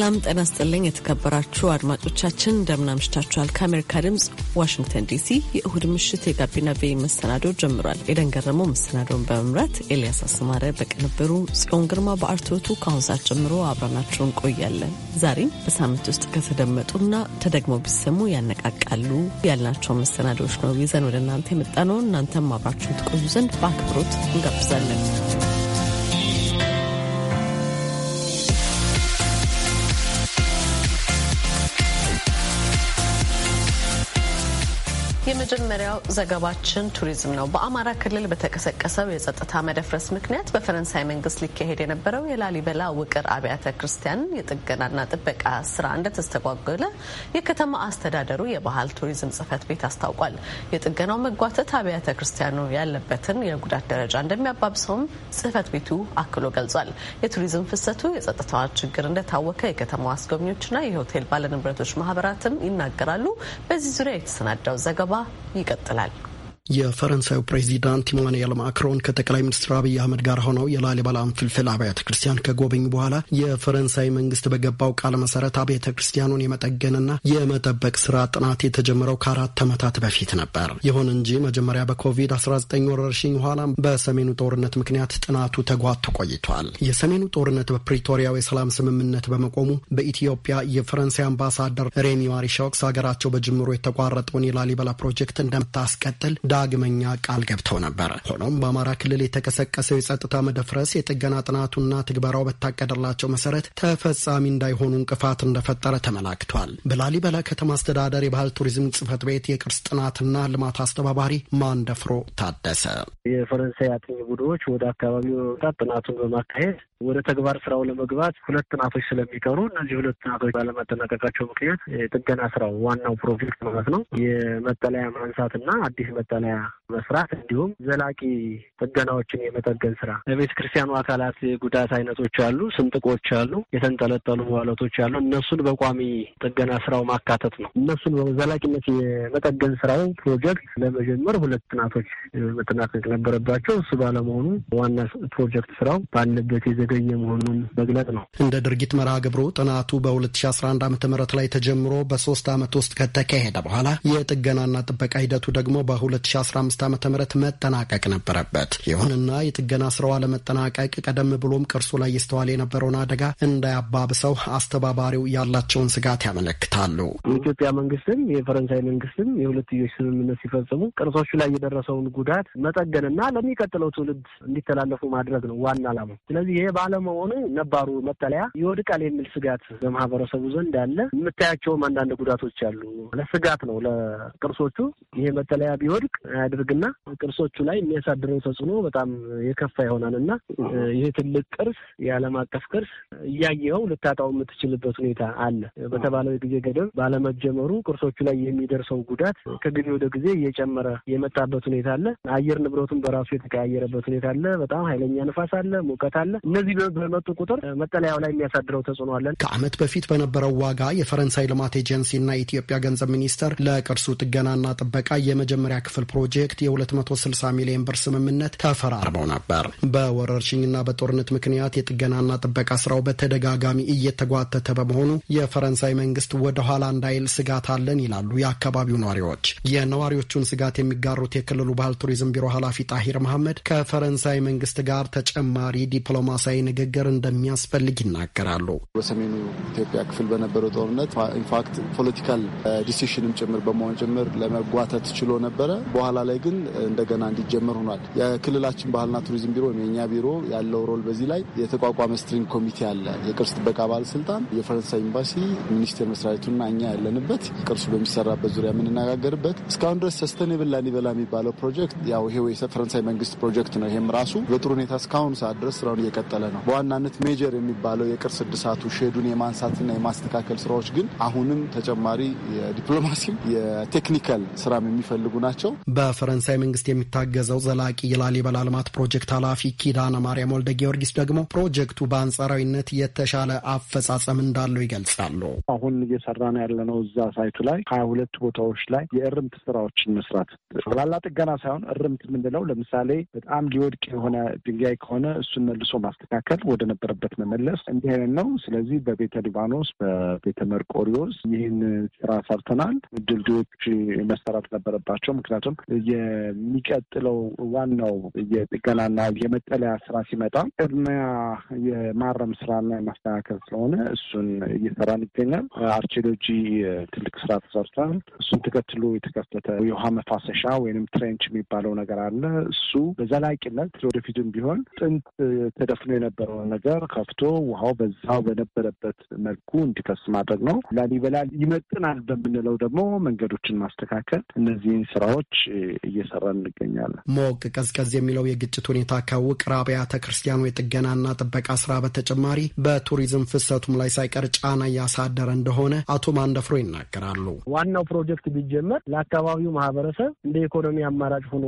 ሰላም ጤና ስጥልኝ። የተከበራችሁ አድማጮቻችን እንደምን አምሽታችኋል? ከአሜሪካ ድምፅ ዋሽንግተን ዲሲ የእሁድ ምሽት የጋቢና ቤ መሰናዶ ጀምሯል። ኤደን ገረመው መሰናዶውን በመምራት ኤልያስ አስማረ በቅንብሩ፣ ጽዮን ግርማ በአርትዖቱ ከአሁን ሰዓት ጀምሮ አብረናችሁ እንቆያለን። ዛሬም በሳምንት ውስጥ ከተደመጡና ተደግመው ቢሰሙ ያነቃቃሉ ያልናቸው መሰናዶዎች ነው ይዘን ወደ እናንተ የመጣነው። እናንተም አብራችሁን ትቆዩ ዘንድ በአክብሮት እንጋብዛለን። የመጀመሪያው ዘገባችን ቱሪዝም ነው። በአማራ ክልል በተቀሰቀሰው የጸጥታ መደፍረስ ምክንያት በፈረንሳይ መንግስት ሊካሄድ የነበረው የላሊበላ ውቅር አብያተ ክርስቲያን የጥገናና ጥበቃ ስራ እንደተስተጓጎለ የከተማ አስተዳደሩ የባህል ቱሪዝም ጽህፈት ቤት አስታውቋል። የጥገናው መጓተት አብያተ ክርስቲያኑ ያለበትን የጉዳት ደረጃ እንደሚያባብሰውም ጽህፈት ቤቱ አክሎ ገልጿል። የቱሪዝም ፍሰቱ የጸጥታ ችግር እንደታወቀ የከተማው አስጎብኚዎችና የሆቴል ባለንብረቶች ማህበራትም ይናገራሉ። በዚህ ዙሪያ የተሰናዳው ዘገባ ይቀጥላል። የፈረንሳዩ ፕሬዚዳንት ኢማኑኤል ማክሮን ከጠቅላይ ሚኒስትር አብይ አህመድ ጋር ሆነው የላሊበላን ፍልፍል አብያተ ክርስቲያን ከጎበኙ በኋላ የፈረንሳይ መንግስት በገባው ቃል መሰረት አብያተ ክርስቲያኑን የመጠገንና የመጠበቅ ስራ ጥናት የተጀመረው ከአራት ዓመታት በፊት ነበር። ይሁን እንጂ መጀመሪያ በኮቪድ-19 ወረርሽኝ በኋላ በሰሜኑ ጦርነት ምክንያት ጥናቱ ተጓቶ ቆይቷል። የሰሜኑ ጦርነት በፕሪቶሪያው የሰላም ስምምነት በመቆሙ በኢትዮጵያ የፈረንሳይ አምባሳደር ሬሚ ማሪሻውክስ ሀገራቸው በጅምሮ የተቋረጠውን የላሊበላ ፕሮጀክት እንደምታስቀጥል ዳግመኛ ቃል ገብተው ነበር። ሆኖም በአማራ ክልል የተቀሰቀሰው የጸጥታ መደፍረስ የጥገና ጥናቱና ትግበራው በታቀደላቸው መሰረት ተፈጻሚ እንዳይሆኑ እንቅፋት እንደፈጠረ ተመላክቷል። በላሊበላ ከተማ አስተዳደር የባህል ቱሪዝም ጽህፈት ቤት የቅርስ ጥናትና ልማት አስተባባሪ ማንደፍሮ ታደሰ የፈረንሳይ አጥኚ ቡድኖች ወደ አካባቢው በመምጣት ጥናቱን በማካሄድ ወደ ተግባር ስራው ለመግባት ሁለት ጥናቶች ስለሚቀሩ እነዚህ ሁለት ጥናቶች ባለመጠናቀቃቸው ምክንያት የጥገና ስራው ዋናው ፕሮጀክት ማለት ነው የመጠለያ ማንሳትና አዲስ መጠለያ ማስተካከያ መስራት እንዲሁም ዘላቂ ጥገናዎችን የመጠገን ስራ ለቤተ ክርስቲያኑ አካላት የጉዳት አይነቶች አሉ፣ ስንጥቆች አሉ፣ የተንጠለጠሉ ዋለቶች አሉ። እነሱን በቋሚ ጥገና ስራው ማካተት ነው። እነሱን በዘላቂነት የመጠገን ስራው ፕሮጀክት ለመጀመር ሁለት ጥናቶች መጠናቀቅ ነበረባቸው። እሱ ባለመሆኑ ዋና ፕሮጀክት ስራው ባለበት የዘገየ መሆኑን መግለጥ ነው። እንደ ድርጊት መርሃ ግብሩ ጥናቱ በ2011 ዓ ም ላይ ተጀምሮ በሶስት አመት ውስጥ ከተካሄደ በኋላ የጥገናና ጥበቃ ሂደቱ ደግሞ በ20 2015 ዓ ም መጠናቀቅ ነበረበት። ይሁንና የጥገና ስራው አለመጠናቀቅ ቀደም ብሎም ቅርሱ ላይ ይስተዋል የነበረውን አደጋ እንዳያባብሰው አስተባባሪው ያላቸውን ስጋት ያመለክታሉ። የኢትዮጵያ መንግስትም የፈረንሳይ መንግስትም የሁለትዮሽ ስምምነት ሲፈጽሙ ቅርሶቹ ላይ የደረሰውን ጉዳት መጠገንና ለሚቀጥለው ትውልድ እንዲተላለፉ ማድረግ ነው ዋና አላማ። ስለዚህ ይሄ ባለመሆኑ ነባሩ መጠለያ ይወድቃል የሚል ስጋት በማህበረሰቡ ዘንድ አለ። የምታያቸውም አንዳንድ ጉዳቶች አሉ። ለስጋት ነው ለቅርሶቹ ይሄ መጠለያ ቢወድቅ አያድርግና ቅርሶቹ ላይ የሚያሳድረው ተጽዕኖ በጣም የከፋ ይሆናል እና ይህ ትልቅ ቅርስ የዓለም አቀፍ ቅርስ እያየኸው ልታጣው የምትችልበት ሁኔታ አለ። በተባለው የጊዜ ገደብ ባለመጀመሩ ቅርሶቹ ላይ የሚደርሰው ጉዳት ከጊዜ ወደ ጊዜ እየጨመረ የመጣበት ሁኔታ አለ። አየር ንብረቱን በራሱ የተቀያየረበት ሁኔታ አለ። በጣም ኃይለኛ ንፋስ አለ፣ ሙቀት አለ። እነዚህ በመጡ ቁጥር መጠለያው ላይ የሚያሳድረው ተጽዕኖ አለ። ከዓመት በፊት በነበረው ዋጋ የፈረንሳይ ልማት ኤጀንሲ እና የኢትዮጵያ ገንዘብ ሚኒስቴር ለቅርሱ ጥገናና ጥበቃ የመጀመሪያ ክፍል ፕሮጀክት የ260 ሚሊዮን ብር ስምምነት ተፈራርመው ነበር። በወረርሽኝና በጦርነት ምክንያት የጥገናና ጥበቃ ስራው በተደጋጋሚ እየተጓተተ በመሆኑ የፈረንሳይ መንግስት ወደ ኋላ እንዳይል ስጋት አለን ይላሉ የአካባቢው ነዋሪዎች። የነዋሪዎቹን ስጋት የሚጋሩት የክልሉ ባህል ቱሪዝም ቢሮ ኃላፊ ጣሂር መሐመድ ከፈረንሳይ መንግስት ጋር ተጨማሪ ዲፕሎማሲያዊ ንግግር እንደሚያስፈልግ ይናገራሉ። በሰሜኑ ኢትዮጵያ ክፍል በነበረው ጦርነት ኢንፋክት ፖለቲካል ዲሲሽንም ጭምር በመሆን ጭምር ለመጓተት ችሎ ነበረ። በኋላ ላይ ግን እንደገና እንዲጀመር ሆኗል። የክልላችን ባህልና ቱሪዝም ቢሮ ወይም የኛ ቢሮ ያለው ሮል በዚህ ላይ የተቋቋመ ስትሪንግ ኮሚቴ አለ። የቅርስ ጥበቃ ባለስልጣን፣ የፈረንሳይ ኤምባሲ፣ ሚኒስቴር መስሪያ ቤቱና እኛ ያለንበት ቅርሱ በሚሰራበት ዙሪያ የምንነጋገርበት እስካሁን ድረስ ሰስተኔብል ላሊበላ የሚባለው ፕሮጀክት ያው ይሄ የፈረንሳይ መንግስት ፕሮጀክት ነው። ይሄም ራሱ በጥሩ ሁኔታ እስካሁን ሰዓት ድረስ ስራውን እየቀጠለ ነው። በዋናነት ሜጀር የሚባለው የቅርስ እድሳቱ ሼዱን የማንሳትና የማስተካከል ስራዎች ግን አሁንም ተጨማሪ የዲፕሎማሲም የቴክኒካል ስራም የሚፈልጉ ናቸው። በፈረንሳይ መንግስት የሚታገዘው ዘላቂ የላሊበላ ልማት ፕሮጀክት ኃላፊ ኪዳነ ማርያም ወልደ ጊዮርጊስ ደግሞ ፕሮጀክቱ በአንጻራዊነት የተሻለ አፈጻጸም እንዳለው ይገልጻሉ። አሁን እየሰራ ነው ያለነው እዛ ሳይቱ ላይ ሀያ ሁለት ቦታዎች ላይ የእርምት ስራዎችን መስራት ጠቅላላ ጥገና ሳይሆን እርምት የምንለው ለምሳሌ በጣም ሊወድቅ የሆነ ድንጋይ ከሆነ እሱን መልሶ ማስተካከል፣ ወደ ነበረበት መመለስ እንዲህ አይነት ነው። ስለዚህ በቤተ ሊባኖስ፣ በቤተ መርቆሪዎስ ይህን ስራ ሰርተናል። ድልድዮች መሰራት ነበረባቸው። ምክንያቱም የሚቀጥለው ዋናው የጥገናና የመጠለያ ስራ ሲመጣ ቅድሚያ የማረም ስራና የማስተካከል ስለሆነ እሱን እየሰራን ይገኛል። አርኪኦሎጂ ትልቅ ስራ ተሰርቷል። እሱን ተከትሎ የተከፈተ የውሃ መፋሰሻ ወይም ትሬንች የሚባለው ነገር አለ። እሱ በዘላቂነት ወደፊትም ቢሆን ጥንት ተደፍኖ የነበረውን ነገር ከፍቶ ውሃው በዛው በነበረበት መልኩ እንዲፈስ ማድረግ ነው። ላሊበላ ይመጥናል በምንለው ደግሞ መንገዶችን ማስተካከል እነዚህን ስራዎች እየሰራ እንገኛለን። ሞቅ ቀዝቀዝ የሚለው የግጭት ሁኔታ ከውቅር አብያተ ክርስቲያኑ የጥገናና ጥበቃ ስራ በተጨማሪ በቱሪዝም ፍሰቱም ላይ ሳይቀር ጫና እያሳደረ እንደሆነ አቶ ማንደፍሮ ይናገራሉ። ዋናው ፕሮጀክት ቢጀመር ለአካባቢው ማህበረሰብ እንደ ኢኮኖሚ አማራጭ ሆኖ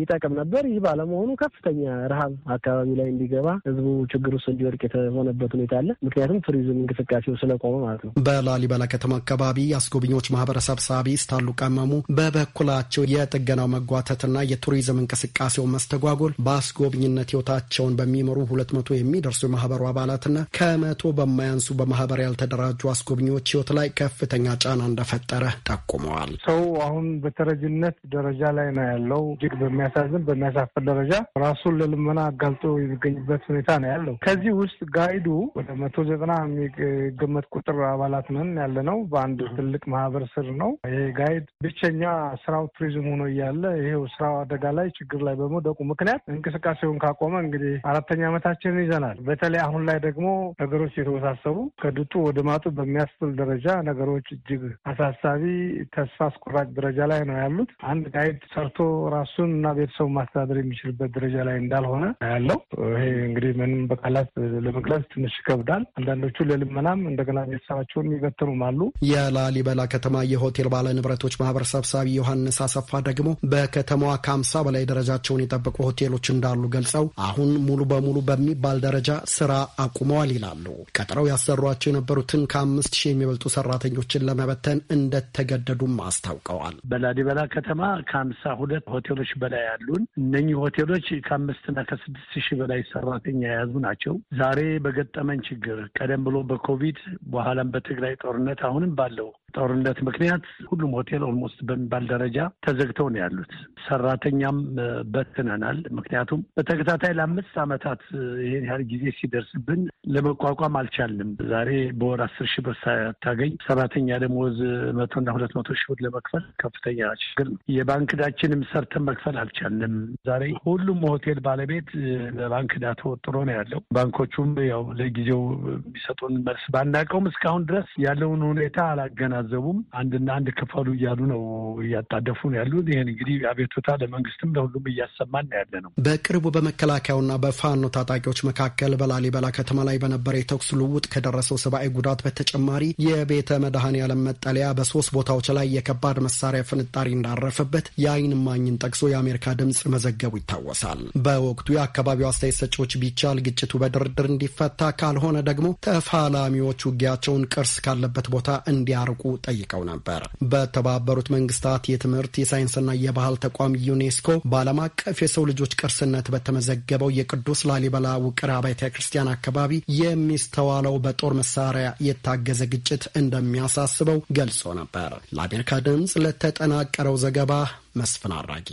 ይጠቅም ነበር። ይህ ባለመሆኑ ከፍተኛ ረሃብ አካባቢው ላይ እንዲገባ ህዝቡ ችግር ውስጥ እንዲወድቅ የተሆነበት ሁኔታ አለ። ምክንያቱም ቱሪዝም እንቅስቃሴው ስለቆመ ማለት ነው። በላሊበላ ከተማ አካባቢ አስጎብኞች ማህበረሰብ ሳቢ ስታሉ ቀመሙ በበኩላቸው የጥገናው መጓተትና የቱሪዝም እንቅስቃሴው መስተጓጎል በአስጎብኝነት ህይወታቸውን በሚመሩ ሁለት መቶ የሚደርሱ የማህበሩ አባላትና ከመቶ በማያንሱ በማህበር ያልተደራጁ አስጎብኚዎች ህይወት ላይ ከፍተኛ ጫና እንደፈጠረ ጠቁመዋል። ሰው አሁን በተረጅነት ደረጃ ላይ ነው ያለው። እጅግ በሚያሳዝን በሚያሳፍር ደረጃ ራሱን ለልመና አጋልጦ የሚገኝበት ሁኔታ ነው ያለው። ከዚህ ውስጥ ጋይዱ ወደ መቶ ዘጠና የሚገመት ቁጥር አባላት ነን ያለ ነው። በአንድ ትልቅ ማህበር ስር ነው ይሄ ጋይድ ብቸኛ ስራው ቱሪዝም ሆኖ ሆኖ እያለ ይሄው ስራው አደጋ ላይ ችግር ላይ በመውደቁ ምክንያት እንቅስቃሴውን ካቆመ እንግዲህ አራተኛ ዓመታችንን ይዘናል። በተለይ አሁን ላይ ደግሞ ነገሮች የተወሳሰቡ ከድጡ ወደ ማጡ በሚያስብል ደረጃ ነገሮች እጅግ አሳሳቢ፣ ተስፋ አስቆራጭ ደረጃ ላይ ነው ያሉት። አንድ ጋይድ ሰርቶ ራሱን እና ቤተሰቡ ማስተዳደር የሚችልበት ደረጃ ላይ እንዳልሆነ ያለው ይሄ እንግዲህ ምንም በቃላት ለመግለጽ ትንሽ ይከብዳል። አንዳንዶቹ ለልመናም እንደገና ቤተሰባቸውን የሚበትኑም አሉ። የላሊበላ ከተማ የሆቴል ባለንብረቶች ማህበር ሰብሳቢ ዮሐንስ አሰፋ ደግሞ በከተማዋ ከአምሳ በላይ ደረጃቸውን የጠበቁ ሆቴሎች እንዳሉ ገልጸው አሁን ሙሉ በሙሉ በሚባል ደረጃ ስራ አቁመዋል ይላሉ። ቀጥረው ያሰሯቸው የነበሩትን ከአምስት ሺህ የሚበልጡ ሰራተኞችን ለመበተን እንደተገደዱም አስታውቀዋል። በላሊበላ ከተማ ከአምሳ ሁለት ሆቴሎች በላይ ያሉን እነኚህ ሆቴሎች ከአምስትና ከስድስት ሺህ በላይ ሰራተኛ የያዙ ናቸው። ዛሬ በገጠመን ችግር ቀደም ብሎ በኮቪድ በኋላም በትግራይ ጦርነት አሁንም ባለው ጦርነት ምክንያት ሁሉም ሆቴል ኦልሞስት በሚባል ደረጃ ተዘግቶ ተበትነው ነው ያሉት። ሰራተኛም በትነናል። ምክንያቱም በተከታታይ ለአምስት ዓመታት ይህን ያህል ጊዜ ሲደርስብን ለመቋቋም አልቻልንም። ዛሬ በወር አስር ሺህ ብር ሳታገኝ ሰራተኛ ደሞዝ መቶና ሁለት መቶ ሺህ ብር ለመክፈል ከፍተኛ ችግር ነው። የባንክ ዕዳችንም ሰርተን መክፈል አልቻልንም። ዛሬ ሁሉም ሆቴል ባለቤት ለባንክ ዕዳ ተወጥሮ ነው ያለው። ባንኮቹም ያው ለጊዜው የሚሰጡን መልስ ባናቀውም እስካሁን ድረስ ያለውን ሁኔታ አላገናዘቡም። አንድና አንድ ክፈሉ እያሉ ነው እያጣደፉ ነው ያሉ አሉን። ይህን እንግዲህ አቤቱታ ለመንግስትም ለሁሉም እያሰማን ያለ ነው። በቅርቡ በመከላከያውና በፋኖ ታጣቂዎች መካከል በላሊበላ ከተማ ላይ በነበረ የተኩስ ልውውጥ ከደረሰው ሰብአዊ ጉዳት በተጨማሪ የቤተ መድኃኔ ያለም መጠለያ በሶስት ቦታዎች ላይ የከባድ መሳሪያ ፍንጣሪ እንዳረፈበት የአይን ማኝን ጠቅሶ የአሜሪካ ድምፅ መዘገቡ ይታወሳል። በወቅቱ የአካባቢው አስተያየት ሰጪዎች ቢቻል ግጭቱ በድርድር እንዲፈታ ካልሆነ ደግሞ ተፋላሚዎች ውጊያቸውን ቅርስ ካለበት ቦታ እንዲያርቁ ጠይቀው ነበር። በተባበሩት መንግስታት የትምህርት የሳይንስ የሳይንስና የባህል ተቋም ዩኔስኮ በዓለም አቀፍ የሰው ልጆች ቅርስነት በተመዘገበው የቅዱስ ላሊበላ ውቅር አብያተ ክርስቲያን አካባቢ የሚስተዋለው በጦር መሳሪያ የታገዘ ግጭት እንደሚያሳስበው ገልጾ ነበር። ለአሜሪካ ድምፅ ለተጠናቀረው ዘገባ መስፍን አራጌ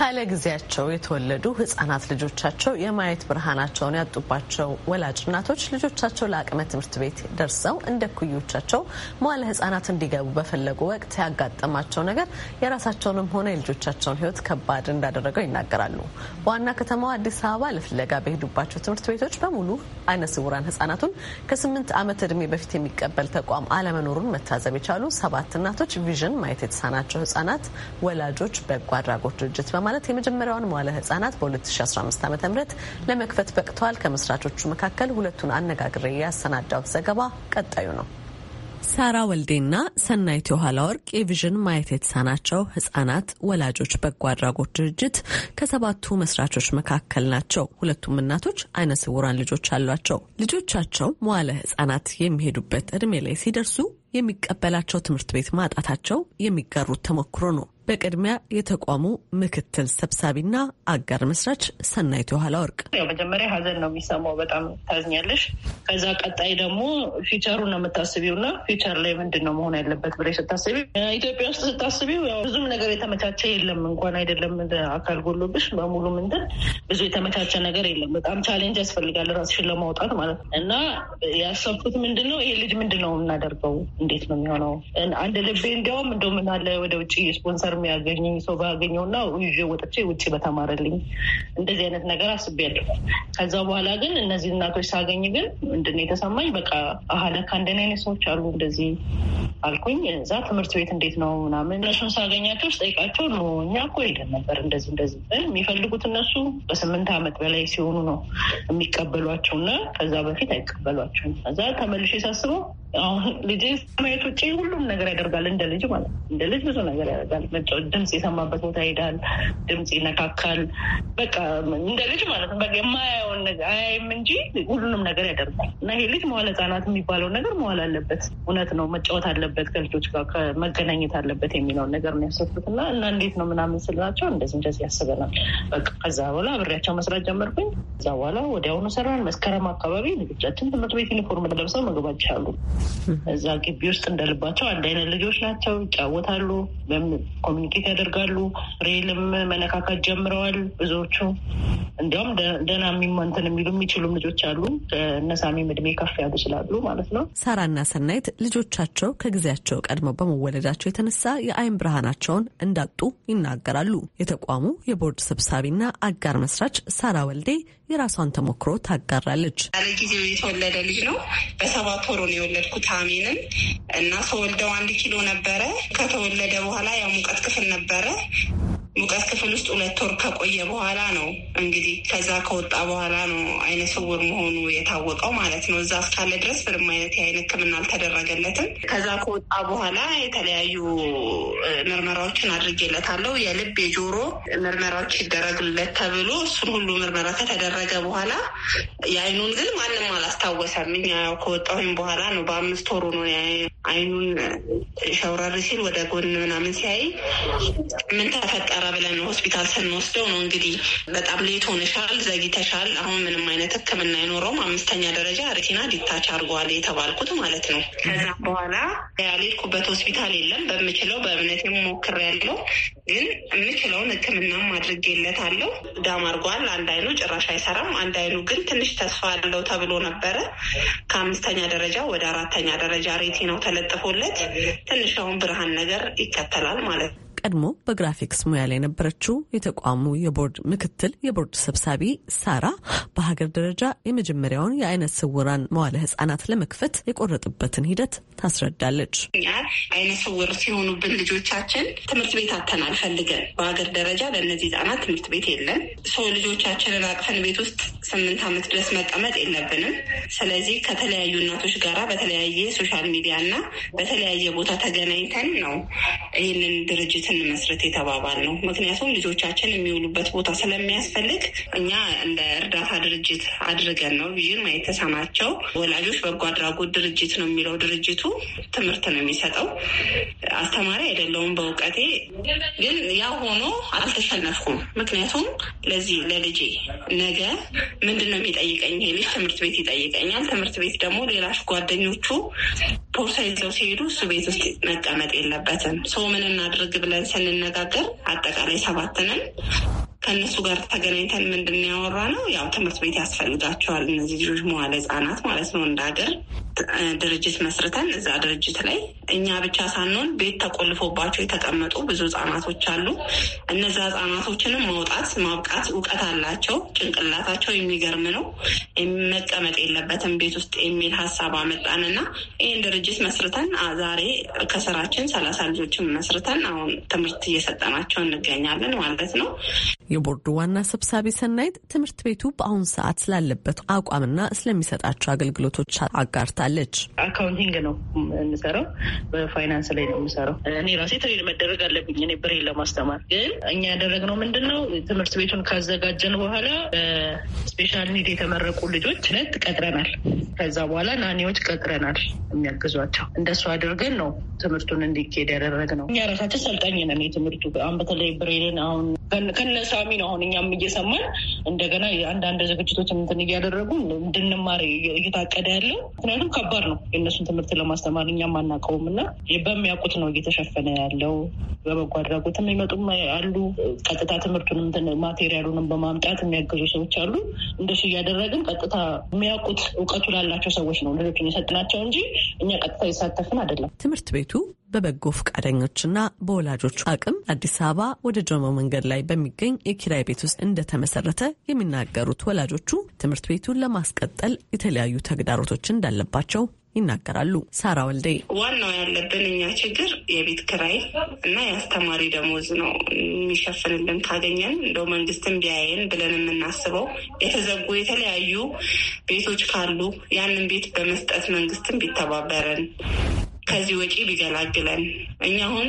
ካለ ጊዜያቸው የተወለዱ ህጻናት ልጆቻቸው የማየት ብርሃናቸውን ያጡባቸው ወላጅ እናቶች ልጆቻቸው ለአቅመ ትምህርት ቤት ደርሰው እንደ ኩዮቻቸው መዋለ ህጻናት እንዲገቡ በፈለጉ ወቅት ያጋጠማቸው ነገር የራሳቸውንም ሆነ የልጆቻቸውን ህይወት ከባድ እንዳደረገው ይናገራሉ። በዋና ከተማዋ አዲስ አበባ ለፍለጋ በሄዱባቸው ትምህርት ቤቶች በሙሉ አይነ ስውራን ህጻናቱን ከስምንት ዓመት እድሜ በፊት የሚቀበል ተቋም አለመኖሩን መታዘብ የቻሉ ሰባት እናቶች ቪዥን ማየት የተሳናቸው ህጻናት ወላጆች በጎ አድራጎት ድርጅት በማ በማለት የመጀመሪያውን መዋለ ህጻናት በ2015 ዓ ም ለመክፈት በቅተዋል። ከመስራቾቹ መካከል ሁለቱን አነጋግሬ ያሰናዳሁት ዘገባ ቀጣዩ ነው። ሳራ ወልዴና ሰናይት የኋላ ወርቅ የቪዥን ማየት የተሳናቸው ህጻናት ወላጆች በጎ አድራጎት ድርጅት ከሰባቱ መስራቾች መካከል ናቸው። ሁለቱም እናቶች አይነ ስውራን ልጆች አሏቸው። ልጆቻቸው መዋለ ህጻናት የሚሄዱበት እድሜ ላይ ሲደርሱ የሚቀበላቸው ትምህርት ቤት ማጣታቸው የሚጋሩት ተሞክሮ ነው። በቅድሚያ የተቋሙ ምክትል ሰብሳቢና አጋር መስራች ሰናይት የኋላ ወርቅ፣ ያው መጀመሪያ ሀዘን ነው የሚሰማው፣ በጣም ታዝኛለሽ። ከዛ ቀጣይ ደግሞ ፊቸሩ ነው የምታስቢው እና ፊቸር ላይ ምንድን ነው መሆን ያለበት ብለሽ ስታስቢ፣ ኢትዮጵያ ውስጥ ስታስቢው ብዙም ነገር የተመቻቸ የለም። እንኳን አይደለም አካል ጎሎብሽ በሙሉ ምንድን ብዙ የተመቻቸ ነገር የለም። በጣም ቻሌንጅ ያስፈልጋል ራስሽን ለማውጣት ማለት ነው። እና ያሰብኩት ምንድን ነው ይሄ ልጅ ምንድን ነው የምናደርገው እንዴት ነው የሚሆነው? አንድ ልቤ እንዲያውም እንደው ምን አለ ወደ ውጭ ስፖንሰር የሚያገኝ ሰው ባገኘው እና ይዤ ወጥቼ ውጭ በተማረልኝ እንደዚህ አይነት ነገር አስቤያለሁ። ከዛ በኋላ ግን እነዚህ እናቶች ሳገኝ ግን ምንድን የተሰማኝ በቃ አህለ ከአንደን አይነት ሰዎች አሉ እንደዚህ አልኩኝ። እዛ ትምህርት ቤት እንዴት ነው ምናምን እነሱን ሳገኛቸው ስጠይቃቸው ነ እኛ እኮ ሄደን ነበር እንደዚህ እንደዚህ የሚፈልጉት እነሱ በስምንት ዓመት በላይ ሲሆኑ ነው የሚቀበሏቸው እና ከዛ በፊት አይቀበሏቸውም። ከዛ ተመልሼ ሳስበው አሁን ልጄ ከማየት ውጭ ሁሉም ነገር ያደርጋል። እንደ ልጅ ማለት እንደ ልጅ ብዙ ነገር ያደርጋል። ድምፅ የሰማበት ቦታ ይሄዳል። ድምፅ ይነካካል። በቃ እንደ ልጅ ማለት ነው። በቃ የማያየውን ነገር አያይም እንጂ ሁሉንም ነገር ያደርጋል እና ይሄ ልጅ መዋል ህጻናት የሚባለው ነገር መዋል አለበት። እውነት ነው። መጫወት አለበት፣ ከልጆች ጋር መገናኘት አለበት የሚለውን ነገር ነው ያሰብኩት እና እና እንዴት ነው ምናምን ስላቸው እንደዚህ እንደዚህ ያስበናል። በቃ ከዛ በኋላ አብሬያቸው መስራት ጀመርኩኝ። ከዛ በኋላ ወዲያውኑ ሰራን። መስከረም አካባቢ ልጆቻችን ትምህርት ቤት ዩኒፎርም ለብሰው መግባት አሉ። እዛ ግቢ ግቢ ውስጥ እንደልባቸው አንድ አይነት ልጆች ናቸው። ይጫወታሉ፣ ኮሚኒኬት ያደርጋሉ። ሬልም መነካካት ጀምረዋል ብዙዎቹ። እንዲያውም ደህና የሚመንትን የሚሉ የሚችሉም ልጆች አሉ። እነሳሚም እድሜ ከፍ ያሉ ስላሉ ማለት ነው። ሳራና ሰናይት ልጆቻቸው ከጊዜያቸው ቀድመው በመወለዳቸው የተነሳ የአይን ብርሃናቸውን እንዳጡ ይናገራሉ። የተቋሙ የቦርድ ሰብሳቢና አጋር መስራች ሳራ ወልዴ የራሷን ተሞክሮ ታጋራለች። ያለ ጊዜው የተወለደ ልጅ ነው። በሰባት ወሩ ነው የወለድኩት አሜንን እና ተወልደው አንድ ኪሎ ነበረ። ከተወለደ በኋላ ያው ሙቀት ክፍል ነበረ ሙቀት ክፍል ውስጥ ሁለት ወር ከቆየ በኋላ ነው እንግዲህ ከዛ ከወጣ በኋላ ነው አይነ ስውር መሆኑ የታወቀው ማለት ነው። እዛ እስካለ ድረስ ምንም አይነት የአይን ሕክምና አልተደረገለትም። ከዛ ከወጣ በኋላ የተለያዩ ምርመራዎችን አድርጌለታለሁ። የልብ የጆሮ ምርመራዎች ይደረግለት ተብሎ እሱን ሁሉ ምርመራ ከተደረገ በኋላ የአይኑን ግን ማንም አላስታወሰም። እኛ ከወጣሁኝ በኋላ ነው በአምስት ወሩ ነው አይኑን ሸውረር ሲል ወደ ጎን ምናምን ሲያይ ምን ተፈጠረ ብለን ሆስፒታል ስንወስደው ነው እንግዲህ በጣም ሌት ሆነሻል፣ ዘግይተሻል፣ አሁን ምንም አይነት ሕክምና አይኖረውም፣ አምስተኛ ደረጃ ሬቲና ዲታች አድርጓል የተባልኩት ማለት ነው። ከዛ በኋላ ያልሄድኩበት ሆስፒታል የለም። በምችለው በእምነት ያለው ግን የምችለውን ሕክምናም አድርጌለታለሁ። ዳም አርጓል። አንድ አይኑ ጭራሽ አይሰራም። አንድ አይኑ ግን ትንሽ ተስፋ አለው ተብሎ ነበረ። ከአምስተኛ ደረጃ ወደ አራተኛ ደረጃ ሬቲ ነው ተለጥፎለት ትንሽ አሁን ብርሃን ነገር ይከተላል ማለት ነው። ቀድሞ በግራፊክስ ሙያ ላይ የነበረችው የተቋሙ የቦርድ ምክትል የቦርድ ሰብሳቢ ሳራ በሀገር ደረጃ የመጀመሪያውን የአይነ ስውራን መዋለ ህጻናት ለመክፈት የቆረጥበትን ሂደት ታስረዳለች። እኛ አይነ ስውር ሲሆኑብን ልጆቻችን ትምህርት ቤት አተናል ፈልገን በሀገር ደረጃ ለእነዚህ ህጻናት ትምህርት ቤት የለን። ሰው ልጆቻችንን አቅፈን ቤት ውስጥ ስምንት ዓመት ድረስ መቀመጥ የለብንም። ስለዚህ ከተለያዩ እናቶች ጋራ በተለያየ ሶሻል ሚዲያ እና በተለያየ ቦታ ተገናኝተን ነው ይህንን ድርጅት እንመስረት የተባባል ነው። ምክንያቱም ልጆቻችን የሚውሉበት ቦታ ስለሚያስፈልግ እኛ እንደ እርዳታ ድርጅት አድርገን ነው ቪዥን ማየት ወላጆች በጎ አድራጎት ድርጅት ነው የሚለው ድርጅቱ ትምህርት ነው የሚሰጠው። አስተማሪ አይደለውም በእውቀቴ ግን ያ ሆኖ አልተሸነፍኩም። ምክንያቱም ለዚህ ለልጄ ነገ ምንድን ነው የሚጠይቀኝ? ይሄ ልጅ ትምህርት ቤት ይጠይቀኛል። ትምህርት ቤት ደግሞ ሌላሽ ጓደኞቹ ቦርሳ ይዘው ሲሄዱ እሱ ቤት ውስጥ መቀመጥ የለበትም። ሰው ምን እናድርግ ብለን ስንነጋገር አጠቃላይ ሰባት ነን። ከእነሱ ጋር ተገናኝተን ምንድን ነው ያው ትምህርት ቤት ያስፈልጋቸዋል እነዚህ ልጆች መዋለ ህጻናት ማለት ነው። እንደ ሀገር ድርጅት መስርተን እዛ ድርጅት ላይ እኛ ብቻ ሳንሆን ቤት ተቆልፎባቸው የተቀመጡ ብዙ ህጻናቶች አሉ። እነዛ ህጻናቶችንም ማውጣት ማብቃት፣ እውቀት አላቸው፣ ጭንቅላታቸው የሚገርም ነው፣ መቀመጥ የለበትም ቤት ውስጥ የሚል ሀሳብ አመጣንና ይህን ድርጅት መስርተን ዛሬ ከስራችን ሰላሳ ልጆችን መስርተን አሁን ትምህርት እየሰጠናቸው እንገኛለን ማለት ነው። የቦርዱ ዋና ሰብሳቢ ሰናይት ትምህርት ቤቱ በአሁኑ ሰዓት ስላለበት አቋምና ስለሚሰጣቸው አገልግሎቶች አጋርታለች። አካውንቲንግ ነው የምሰራው፣ በፋይናንስ ላይ ነው የምሰራው። እኔ ራሴ ትሬን መደረግ አለብኝ እኔ ብሬን ለማስተማር ግን እኛ ያደረግነው ምንድን ነው ትምህርት ቤቱን ካዘጋጀን በኋላ በስፔሻል ኒድ የተመረቁ ልጆች ነት ቀጥረናል። ከዛ በኋላ ናኒዎች ቀጥረናል የሚያግዟቸው። እንደሱ አድርገን ነው ትምህርቱን እንዲካሄድ ያደረግነው። እኛ ራሳችን ሰልጣኝ ነን የትምህርቱ አሁን በተለይ ብሬንን አሁን ከነሳሚ ነው አሁን እኛም እየሰማን እንደገና የአንዳንድ ዝግጅቶች እንትን እያደረጉ እንድንማር እየታቀደ ያለው ምክንያቱም ከባድ ነው የእነሱን ትምህርት ለማስተማር እኛም አናውቀውም እና በሚያውቁት ነው እየተሸፈነ ያለው። በበጎ አድራጎትም ይመጡም አሉ። ቀጥታ ትምህርቱንም ማቴሪያሉንም በማምጣት የሚያገዙ ሰዎች አሉ። እንደሱ እያደረግን ቀጥታ የሚያውቁት እውቀቱ ላላቸው ሰዎች ነው ልጆቹን የሰጥናቸው እንጂ እኛ ቀጥታ ይሳተፍን አይደለም። ትምህርት ቤቱ በበጎ ፈቃደኞችና በወላጆች አቅም አዲስ አበባ ወደ ጆሞ መንገድ ላይ በሚገኝ የኪራይ ቤት ውስጥ እንደተመሰረተ የሚናገሩት ወላጆቹ ትምህርት ቤቱን ለማስቀጠል የተለያዩ ተግዳሮቶች እንዳለባቸው ይናገራሉ። ሳራ ወልዴ ዋናው ያለብን እኛ ችግር የቤት ክራይ እና የአስተማሪ ደሞዝ ነው የሚሸፍንልን ካገኘን እንደው መንግስትን ቢያየን ብለን የምናስበው የተዘጉ የተለያዩ ቤቶች ካሉ ያንን ቤት በመስጠት መንግስትን ቢተባበረን ከዚህ ወጪ ቢገላግለን። እኛ አሁን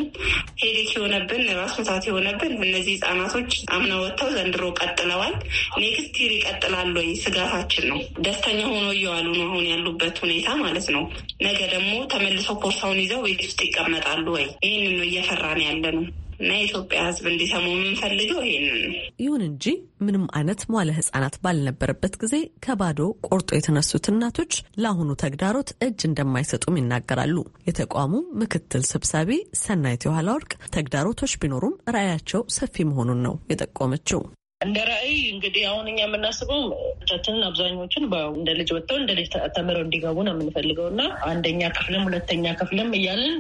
ሄዴክ የሆነብን ራስ መታት የሆነብን እነዚህ ህጻናቶች አምና ወጥተው ዘንድሮ ቀጥለዋል። ኔክስት ይር ይቀጥላሉ ወይ ስጋታችን ነው። ደስተኛ ሆኖ እየዋሉ ነው አሁን ያሉበት ሁኔታ ማለት ነው። ነገ ደግሞ ተመልሰው ፖርሳውን ይዘው ቤት ውስጥ ይቀመጣሉ ወይ? ይህንን ነው እየፈራን ያለ ነው። እና የኢትዮጵያ ሕዝብ እንዲሰሙ የምንፈልገው ይህንን ነው። ይሁን እንጂ ምንም አይነት መዋለ ሕጻናት ባልነበረበት ጊዜ ከባዶ ቆርጦ የተነሱት እናቶች ለአሁኑ ተግዳሮት እጅ እንደማይሰጡም ይናገራሉ። የተቋሙ ምክትል ሰብሳቢ ሰናይት የኋላ ወርቅ ተግዳሮቶች ቢኖሩም ራዕያቸው ሰፊ መሆኑን ነው የጠቆመችው። እንደ ራዕይ እንግዲህ አሁን እኛ የምናስበው ልጆቻችንን አብዛኞቹን እንደ ልጅ ወጥተው እንደ ልጅ ተምረው እንዲገቡ ነው የምንፈልገው እና አንደኛ ክፍልም ሁለተኛ ክፍልም እያልን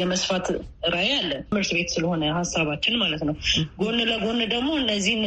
የመስፋት ራዕይ አለን። ትምህርት ቤት ስለሆነ ሀሳባችን ማለት ነው። ጎን ለጎን ደግሞ እነዚህን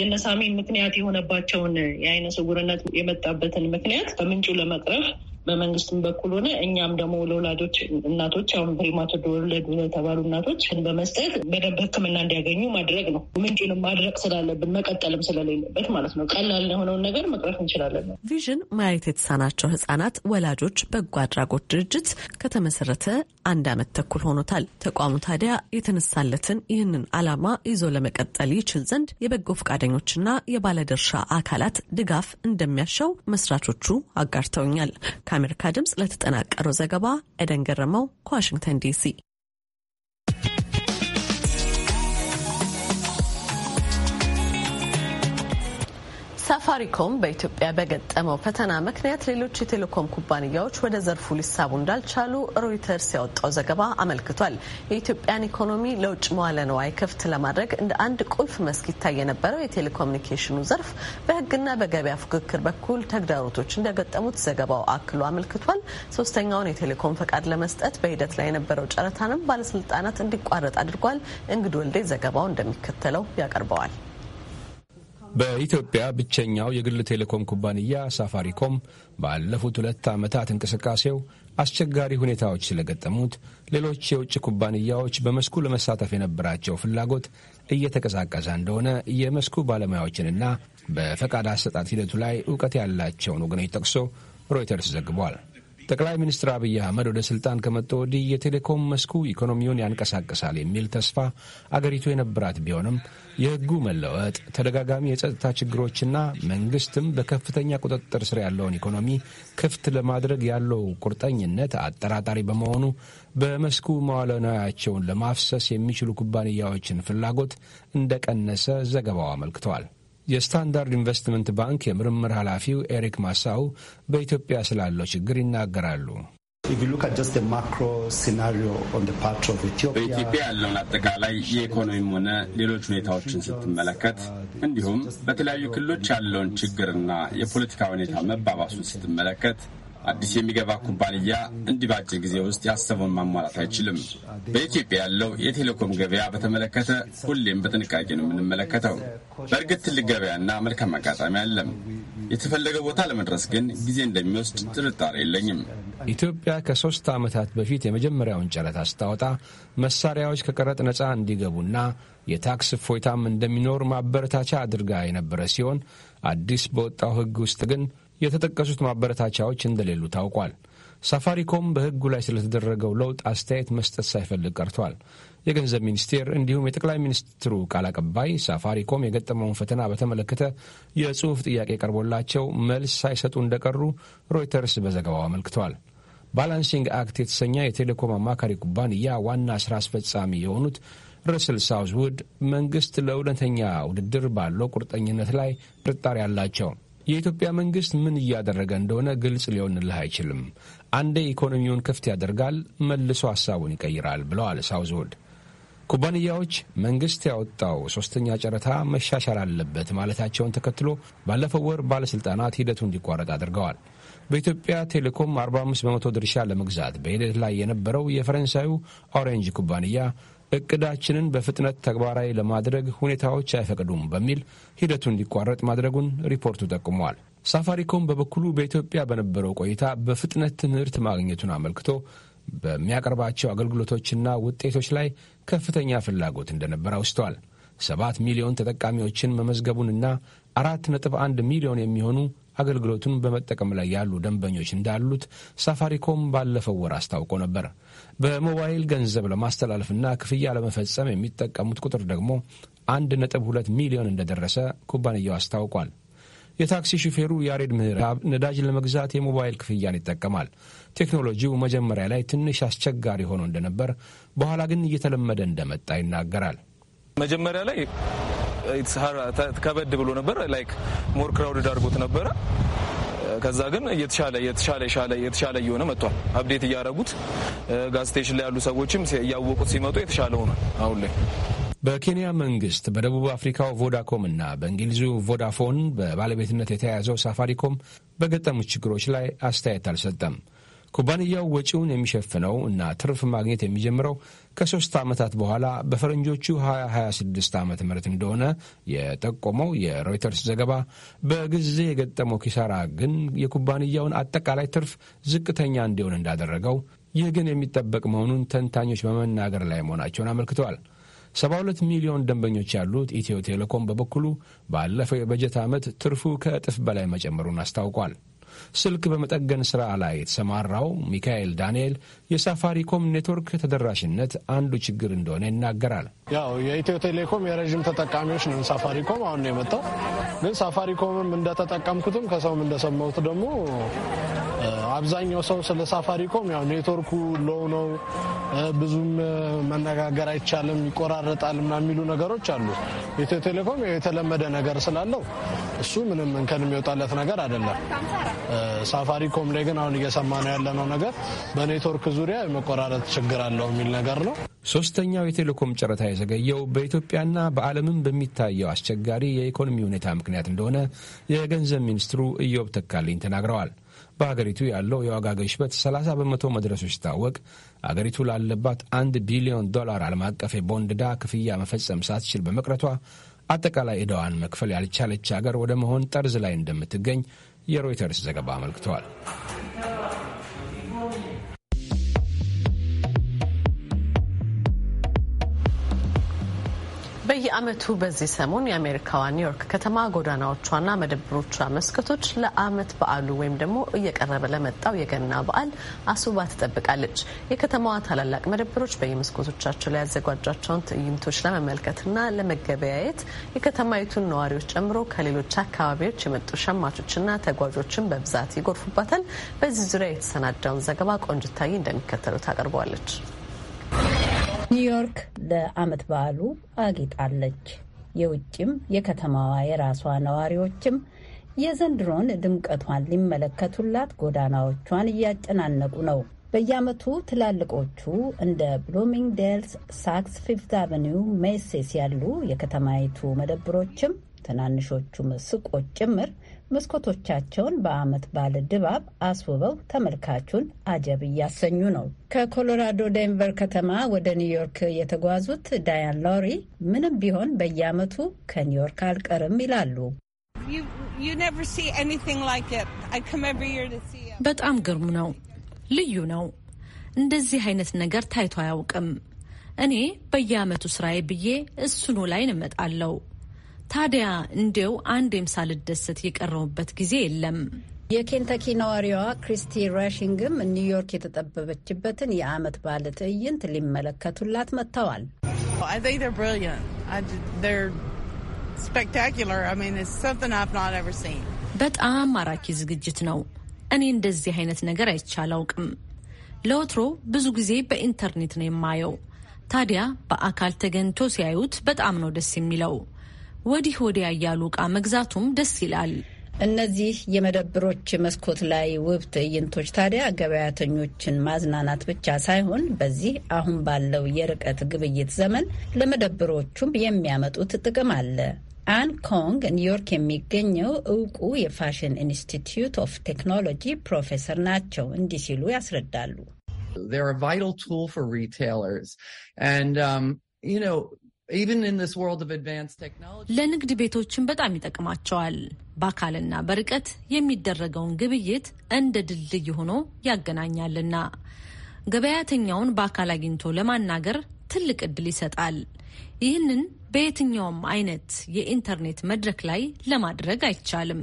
የነሳሚ ምክንያት የሆነባቸውን የአይነ ስውርነት የመጣበትን ምክንያት ከምንጩ ለመቅረፍ በመንግስትም በኩል ሆነ እኛም ደግሞ ለወላጆች እናቶች አሁን በማተዶ ወለዱ የተባሉ እናቶች በመስጠት በደንብ ሕክምና እንዲያገኙ ማድረግ ነው። ምንጭንም ማድረግ ስላለብን መቀጠልም ስለሌለበት ማለት ነው። ቀላል የሆነውን ነገር መቅረፍ እንችላለን። ቪዥን ማየት የተሳናቸው ህጻናት ወላጆች በጎ አድራጎት ድርጅት ከተመሰረተ አንድ አመት ተኩል ሆኖታል። ተቋሙ ታዲያ የተነሳለትን ይህንን አላማ ይዞ ለመቀጠል ይችል ዘንድ የበጎ ፈቃደኞችና የባለድርሻ አካላት ድጋፍ እንደሚያሻው መስራቾቹ አጋርተውኛል። ከአሜሪካ ድምፅ ለተጠናቀረው ዘገባ ኤደን ገረመው ከዋሽንግተን ዲሲ ሳፋሪኮም በኢትዮጵያ በገጠመው ፈተና ምክንያት ሌሎች የቴሌኮም ኩባንያዎች ወደ ዘርፉ ሊሳቡ እንዳልቻሉ ሮይተርስ ያወጣው ዘገባ አመልክቷል። የኢትዮጵያን ኢኮኖሚ ለውጭ መዋለ ንዋይ ክፍት ለማድረግ እንደ አንድ ቁልፍ መስክ ይታይ የነበረው የቴሌኮሙኒኬሽኑ ዘርፍ በሕግና በገበያ ፉክክር በኩል ተግዳሮቶች እንደገጠሙት ዘገባው አክሎ አመልክቷል። ሶስተኛውን የቴሌኮም ፈቃድ ለመስጠት በሂደት ላይ የነበረው ጨረታንም ባለስልጣናት እንዲቋረጥ አድርጓል። እንግድ ወልዴ ዘገባው እንደሚከተለው ያቀርበዋል። በኢትዮጵያ ብቸኛው የግል ቴሌኮም ኩባንያ ሳፋሪኮም ባለፉት ሁለት ዓመታት እንቅስቃሴው አስቸጋሪ ሁኔታዎች ስለገጠሙት ሌሎች የውጭ ኩባንያዎች በመስኩ ለመሳተፍ የነበራቸው ፍላጎት እየተቀዛቀዘ እንደሆነ የመስኩ ባለሙያዎችንና በፈቃድ አሰጣጥ ሂደቱ ላይ እውቀት ያላቸውን ወገኖች ጠቅሶ ሮይተርስ ዘግቧል። ጠቅላይ ሚኒስትር አብይ አህመድ ወደ ስልጣን ከመጡ ወዲህ የቴሌኮም መስኩ ኢኮኖሚውን ያንቀሳቅሳል የሚል ተስፋ አገሪቱ የነበራት ቢሆንም የሕጉ መለወጥ፣ ተደጋጋሚ የጸጥታ ችግሮችና መንግስትም በከፍተኛ ቁጥጥር ስር ያለውን ኢኮኖሚ ክፍት ለማድረግ ያለው ቁርጠኝነት አጠራጣሪ በመሆኑ በመስኩ መዋለ ንዋያቸውን ለማፍሰስ የሚችሉ ኩባንያዎችን ፍላጎት እንደቀነሰ ዘገባው አመልክተዋል። የስታንዳርድ ኢንቨስትመንት ባንክ የምርምር ኃላፊው ኤሪክ ማሳው በኢትዮጵያ ስላለው ችግር ይናገራሉ። በኢትዮጵያ ያለውን አጠቃላይ የኢኮኖሚም ሆነ ሌሎች ሁኔታዎችን ስትመለከት እንዲሁም በተለያዩ ክልሎች ያለውን ችግርና የፖለቲካ ሁኔታ መባባሱን ስትመለከት አዲስ የሚገባ ኩባንያ እንዲህ በአጭር ጊዜ ውስጥ ያሰበውን ማሟላት አይችልም። በኢትዮጵያ ያለው የቴሌኮም ገበያ በተመለከተ ሁሌም በጥንቃቄ ነው የምንመለከተው። በእርግጥ ትልቅ ገበያና መልካም አጋጣሚ አለም። የተፈለገ ቦታ ለመድረስ ግን ጊዜ እንደሚወስድ ጥርጣሬ የለኝም። ኢትዮጵያ ከሶስት ዓመታት በፊት የመጀመሪያውን ጨረታ ስታወጣ መሳሪያዎች ከቀረጥ እንዲገቡ እንዲገቡና የታክስ እፎይታም እንደሚኖር ማበረታቻ አድርጋ የነበረ ሲሆን አዲስ በወጣው ሕግ ውስጥ ግን የተጠቀሱት ማበረታቻዎች እንደሌሉ ታውቋል። ሳፋሪኮም በሕጉ ላይ ስለተደረገው ለውጥ አስተያየት መስጠት ሳይፈልግ ቀርቷል። የገንዘብ ሚኒስቴር እንዲሁም የጠቅላይ ሚኒስትሩ ቃል አቀባይ ሳፋሪኮም የገጠመውን ፈተና በተመለከተ የጽሑፍ ጥያቄ ቀርቦላቸው መልስ ሳይሰጡ እንደቀሩ ሮይተርስ በዘገባው አመልክቷል። ባላንሲንግ አክት የተሰኘ የቴሌኮም አማካሪ ኩባንያ ዋና ስራ አስፈጻሚ የሆኑት ረስል ሳውዝ ውድ መንግስት ለእውነተኛ ውድድር ባለው ቁርጠኝነት ላይ ጥርጣሬ አላቸው። የኢትዮጵያ መንግስት ምን እያደረገ እንደሆነ ግልጽ ሊሆንልህ አይችልም። አንዴ ኢኮኖሚውን ክፍት ያደርጋል፣ መልሶ ሀሳቡን ይቀይራል ብለዋል ሳውዝወልድ ኩባንያዎች መንግስት ያወጣው ሶስተኛ ጨረታ መሻሻል አለበት ማለታቸውን ተከትሎ ባለፈው ወር ባለሥልጣናት ሂደቱ እንዲቋረጥ አድርገዋል። በኢትዮጵያ ቴሌኮም 45 በመቶ ድርሻ ለመግዛት በሂደት ላይ የነበረው የፈረንሳዩ ኦሬንጅ ኩባንያ እቅዳችንን በፍጥነት ተግባራዊ ለማድረግ ሁኔታዎች አይፈቅዱም በሚል ሂደቱ እንዲቋረጥ ማድረጉን ሪፖርቱ ጠቁሟል። ሳፋሪኮም በበኩሉ በኢትዮጵያ በነበረው ቆይታ በፍጥነት ትምህርት ማግኘቱን አመልክቶ በሚያቀርባቸው አገልግሎቶችና ውጤቶች ላይ ከፍተኛ ፍላጎት እንደነበር አውስቷል። ሰባት ሚሊዮን ተጠቃሚዎችን መመዝገቡንና አራት ነጥብ አንድ ሚሊዮን የሚሆኑ አገልግሎቱን በመጠቀም ላይ ያሉ ደንበኞች እንዳሉት ሳፋሪኮም ባለፈው ወር አስታውቆ ነበር። በሞባይል ገንዘብ ለማስተላለፍና ክፍያ ለመፈጸም የሚጠቀሙት ቁጥር ደግሞ 1.2 ሚሊዮን እንደደረሰ ኩባንያው አስታውቋል። የታክሲ ሹፌሩ ያሬድ ምህራብ ነዳጅ ለመግዛት የሞባይል ክፍያን ይጠቀማል። ቴክኖሎጂው መጀመሪያ ላይ ትንሽ አስቸጋሪ ሆኖ እንደነበር፣ በኋላ ግን እየተለመደ እንደመጣ ይናገራል። መጀመሪያ ላይ ከበድ ብሎ ነበር። ላይክ ሞር ክራውድድ አድርጎት ነበረ። ከዛ ግን እየተሻለ እየተሻለ እየተሻለ እየሆነ መጥቷል። አብዴት እያደረጉት ጋዝ ስቴሽን ላይ ያሉ ሰዎችም እያወቁት ሲመጡ የተሻለ ሆኗል አሁን ላይ። በኬንያ መንግስት በደቡብ አፍሪካው ቮዳኮም እና በእንግሊዙ ቮዳፎን በባለቤትነት የተያያዘው ሳፋሪኮም በገጠሙት ችግሮች ላይ አስተያየት አልሰጠም። ኩባንያው ወጪውን የሚሸፍነው እና ትርፍ ማግኘት የሚጀምረው ከሶስት ዓመታት በኋላ በፈረንጆቹ 2026 ዓመተ ምህረት እንደሆነ የጠቆመው የሮይተርስ ዘገባ በጊዜ የገጠመው ኪሳራ ግን የኩባንያውን አጠቃላይ ትርፍ ዝቅተኛ እንዲሆን እንዳደረገው፣ ይህ ግን የሚጠበቅ መሆኑን ተንታኞች በመናገር ላይ መሆናቸውን አመልክተዋል። 72 ሚሊዮን ደንበኞች ያሉት ኢትዮ ቴሌኮም በበኩሉ ባለፈው የበጀት ዓመት ትርፉ ከእጥፍ በላይ መጨመሩን አስታውቋል። ስልክ በመጠገን ሥራ ላይ የተሰማራው ሚካኤል ዳንኤል የሳፋሪኮም ኔትወርክ ተደራሽነት አንዱ ችግር እንደሆነ ይናገራል። ያው የኢትዮ ቴሌኮም የረዥም ተጠቃሚዎች ነን። ሳፋሪኮም አሁን ነው የመጣው። ግን ሳፋሪኮምም እንደተጠቀምኩትም ከሰውም እንደሰማሁት ደግሞ አብዛኛው ሰው ስለ ሳፋሪኮም ያው ኔትወርኩ ሎው ነው፣ ብዙም መነጋገር አይቻልም፣ ይቆራረጣል ምና የሚሉ ነገሮች አሉ። ኢትዮ ቴሌኮም የተለመደ ነገር ስላለው እሱ ምንም እንከን የሚወጣለት ነገር አይደለም። ሳፋሪኮም ላይ ግን አሁን እየሰማ ነው ያለነው ነገር በኔትወርክ ዙሪያ የመቆራረጥ ችግር አለው የሚል ነገር ነው። ሶስተኛው የቴሌኮም ጨረታ የዘገየው በኢትዮጵያና በዓለምም በሚታየው አስቸጋሪ የኢኮኖሚ ሁኔታ ምክንያት እንደሆነ የገንዘብ ሚኒስትሩ ኢዮብ ተካልኝ ተናግረዋል። በሀገሪቱ ያለው የዋጋ ግሽበት 30 በመቶ መድረሱ ሲታወቅ አገሪቱ ላለባት አንድ ቢሊዮን ዶላር ዓለም አቀፍ የቦንድ ዕዳ ክፍያ መፈጸም ሳትችል በመቅረቷ አጠቃላይ ዕዳዋን መክፈል ያልቻለች አገር ወደ መሆን ጠርዝ ላይ እንደምትገኝ የሮይተርስ ዘገባ አመልክተዋል። በየአመቱ በዚህ ሰሞን የአሜሪካዋ ኒውዮርክ ከተማ ጎዳናዎቿና መደብሮቿ መስኮቶች ለአመት በዓሉ ወይም ደግሞ እየቀረበ ለመጣው የገና በዓል አስውባ ትጠብቃለች። የከተማዋ ታላላቅ መደብሮች በየመስኮቶቻቸው ላይ ያዘጓጇቸውን ትዕይንቶች ለመመልከትና ለመገበያየት የከተማይቱን ነዋሪዎች ጨምሮ ከሌሎች አካባቢዎች የመጡ ሸማቾችና ተጓዦችን በብዛት ይጎርፉባታል። በዚህ ዙሪያ የተሰናዳውን ዘገባ ቆንጅታዬ እንደሚከተሉት አቅርበዋለች። ኒውዮርክ ለዓመት በዓሉ አጊጣለች። የውጭም የከተማዋ የራሷ ነዋሪዎችም የዘንድሮን ድምቀቷን ሊመለከቱላት ጎዳናዎቿን እያጨናነቁ ነው። በየዓመቱ ትላልቆቹ እንደ ብሉሚንግዴልስ፣ ሳክስ ፊፍት አቨኒው፣ ሜሴስ ያሉ የከተማይቱ መደብሮችም ትናንሾቹም ሱቆች ጭምር መስኮቶቻቸውን በዓመት ባለ ድባብ አስውበው ተመልካቹን አጀብ እያሰኙ ነው። ከኮሎራዶ ዴንቨር ከተማ ወደ ኒውዮርክ የተጓዙት ዳያን ሎሪ ምንም ቢሆን በየዓመቱ ከኒውዮርክ አልቀርም ይላሉ። በጣም ግርሙ ነው። ልዩ ነው። እንደዚህ አይነት ነገር ታይቶ አያውቅም። እኔ በየዓመቱ ስራዬ ብዬ እሱኑ ላይ እንመጣለው። ታዲያ እንዲያው አንዴም ሳልደሰት የቀረውበት ጊዜ የለም። የኬንታኪ ነዋሪዋ ክሪስቲ ራሽንግም ኒውዮርክ የተጠበበችበትን የአመት ባለ ትዕይንት ሊመለከቱላት መጥተዋል። በጣም ማራኪ ዝግጅት ነው። እኔ እንደዚህ አይነት ነገር አይቼ አላውቅም። ለወትሮ ብዙ ጊዜ በኢንተርኔት ነው የማየው። ታዲያ በአካል ተገኝቶ ሲያዩት በጣም ነው ደስ የሚለው። ወዲህ ወዲያ እያሉ ዕቃ መግዛቱም ደስ ይላል። እነዚህ የመደብሮች መስኮት ላይ ውብ ትዕይንቶች ታዲያ ገበያተኞችን ማዝናናት ብቻ ሳይሆን በዚህ አሁን ባለው የርቀት ግብይት ዘመን ለመደብሮቹም የሚያመጡት ጥቅም አለ። አን ኮንግ ኒውዮርክ የሚገኘው እውቁ የፋሽን ኢንስቲትዩት ኦፍ ቴክኖሎጂ ፕሮፌሰር ናቸው። እንዲህ ሲሉ ያስረዳሉ። ለንግድ ቤቶችን በጣም ይጠቅማቸዋል። በአካልና በርቀት የሚደረገውን ግብይት እንደ ድልድይ ሆኖ ያገናኛልና ገበያተኛውን በአካል አግኝቶ ለማናገር ትልቅ እድል ይሰጣል። ይህንን በየትኛውም አይነት የኢንተርኔት መድረክ ላይ ለማድረግ አይቻልም።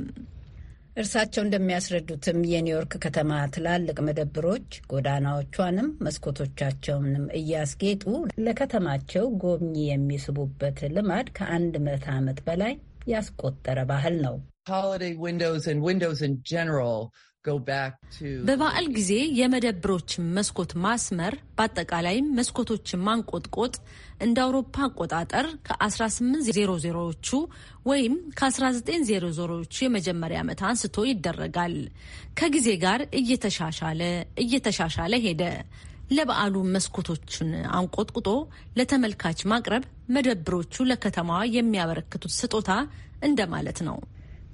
እርሳቸው እንደሚያስረዱትም የኒውዮርክ ከተማ ትላልቅ መደብሮች ጎዳናዎቿንም መስኮቶቻቸውንም እያስጌጡ ለከተማቸው ጎብኚ የሚስቡበት ልማድ ከአንድ ምዕተ ዓመት በላይ ያስቆጠረ ባህል ነው። በበዓል ጊዜ የመደብሮችን መስኮት ማስመር በአጠቃላይም መስኮቶችን ማንቆጥቆጥ እንደ አውሮፓ አቆጣጠር ከ1800ዎቹ ወይም ከ1900ዎቹ የመጀመሪያ ዓመት አንስቶ ይደረጋል። ከጊዜ ጋር እየተሻሻለ እየተሻሻለ ሄደ። ለበዓሉ መስኮቶችን አንቆጥቁጦ ለተመልካች ማቅረብ መደብሮቹ ለከተማዋ የሚያበረክቱት ስጦታ እንደማለት ነው።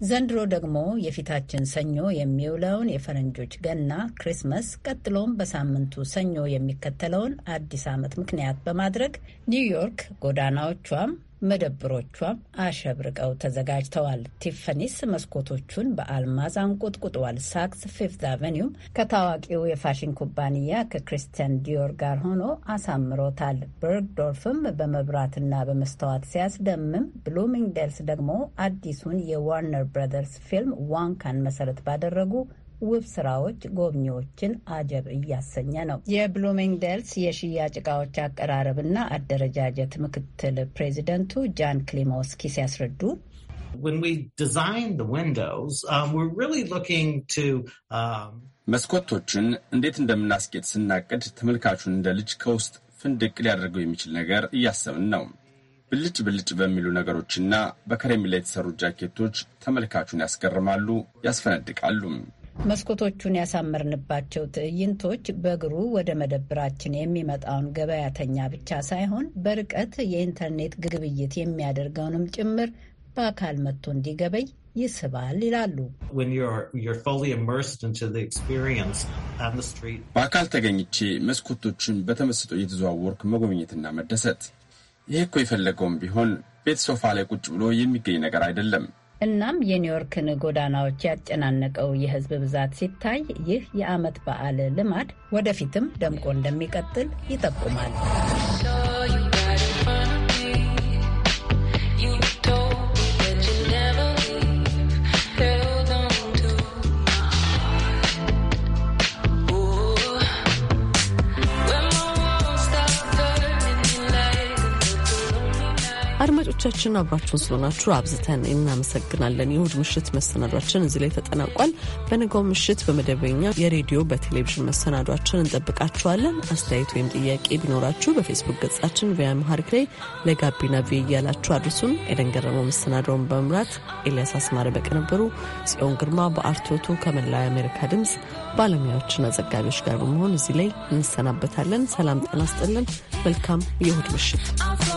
ዘንድሮ ደግሞ የፊታችን ሰኞ የሚውለውን የፈረንጆች ገና ክሪስመስ፣ ቀጥሎም በሳምንቱ ሰኞ የሚከተለውን አዲስ ዓመት ምክንያት በማድረግ ኒውዮርክ ጎዳናዎቿም መደብሮቿም አሸብርቀው ተዘጋጅተዋል። ቲፈኒስ መስኮቶቹን በአልማዝ አንቆጥቁጠዋል። ሳክስ ፊፍዝ አቨኒውም ከታዋቂው የፋሽን ኩባንያ ከክሪስቲያን ዲዮር ጋር ሆኖ አሳምሮታል። በርግዶርፍም በመብራትና በመስተዋት ሲያስደምም፣ ብሉሚንግደልስ ደግሞ አዲሱን የዋርነር ብረዘርስ ፊልም ዋንካን መሰረት ባደረጉ ውብ ስራዎች ጎብኚዎችን አጀብ እያሰኘ ነው። የብሉሚንግደልስ የሽያጭ እቃዎች አቀራረብና አደረጃጀት ምክትል ፕሬዚደንቱ ጃን ክሊሞስኪ ሲያስረዱ um, um, መስኮቶችን እንዴት እንደምናስጌጥ ስናቅድ ተመልካቹን እንደ ልጅ ከውስጥ ፍንድቅ ሊያደርገው የሚችል ነገር እያሰብን ነው። ብልጭ ብልጭ በሚሉ ነገሮችና በከረሜላ የተሰሩ ጃኬቶች ተመልካቹን ያስገርማሉ፣ ያስፈነድቃሉ። መስኮቶቹን ያሳመርንባቸው ትዕይንቶች በእግሩ ወደ መደብራችን የሚመጣውን ገበያተኛ ብቻ ሳይሆን በርቀት የኢንተርኔት ግብይት የሚያደርገውንም ጭምር በአካል መጥቶ እንዲገበይ ይስባል ይላሉ። በአካል ተገኝቼ መስኮቶቹን በተመስጦ እየተዘዋወርክ መጎብኘትና መደሰት፣ ይህ እኮ የፈለገውም ቢሆን ቤት ሶፋ ላይ ቁጭ ብሎ የሚገኝ ነገር አይደለም። እናም የኒውዮርክን ጎዳናዎች ያጨናነቀው የህዝብ ብዛት ሲታይ ይህ የአመት በዓል ልማድ ወደፊትም ደምቆ እንደሚቀጥል ይጠቁማል። አድማጮቻችን አብራችሁን ስለሆናችሁ አብዝተን እናመሰግናለን። የእሁድ ምሽት መሰናዷችን እዚህ ላይ ተጠናቋል። በንጋው ምሽት በመደበኛ የሬዲዮ በቴሌቪዥን መሰናዷችን እንጠብቃችኋለን። አስተያየት ወይም ጥያቄ ቢኖራችሁ በፌስቡክ ገጻችን ቪያምሃሪክ ላይ ለጋቢና ቪ እያላችሁ አድርሱን። ኤደን ገረመው መሰናዳውን በመምራት ኤልያስ አስማረ በቀነበሩ ጽዮን ግርማ በአርቶቱ ከመላው የአሜሪካ ድምፅ ባለሙያዎችና ዘጋቢዎች ጋር በመሆን እዚህ ላይ እንሰናበታለን። ሰላም ጤና ስጥልን መልካም የእሁድ ምሽት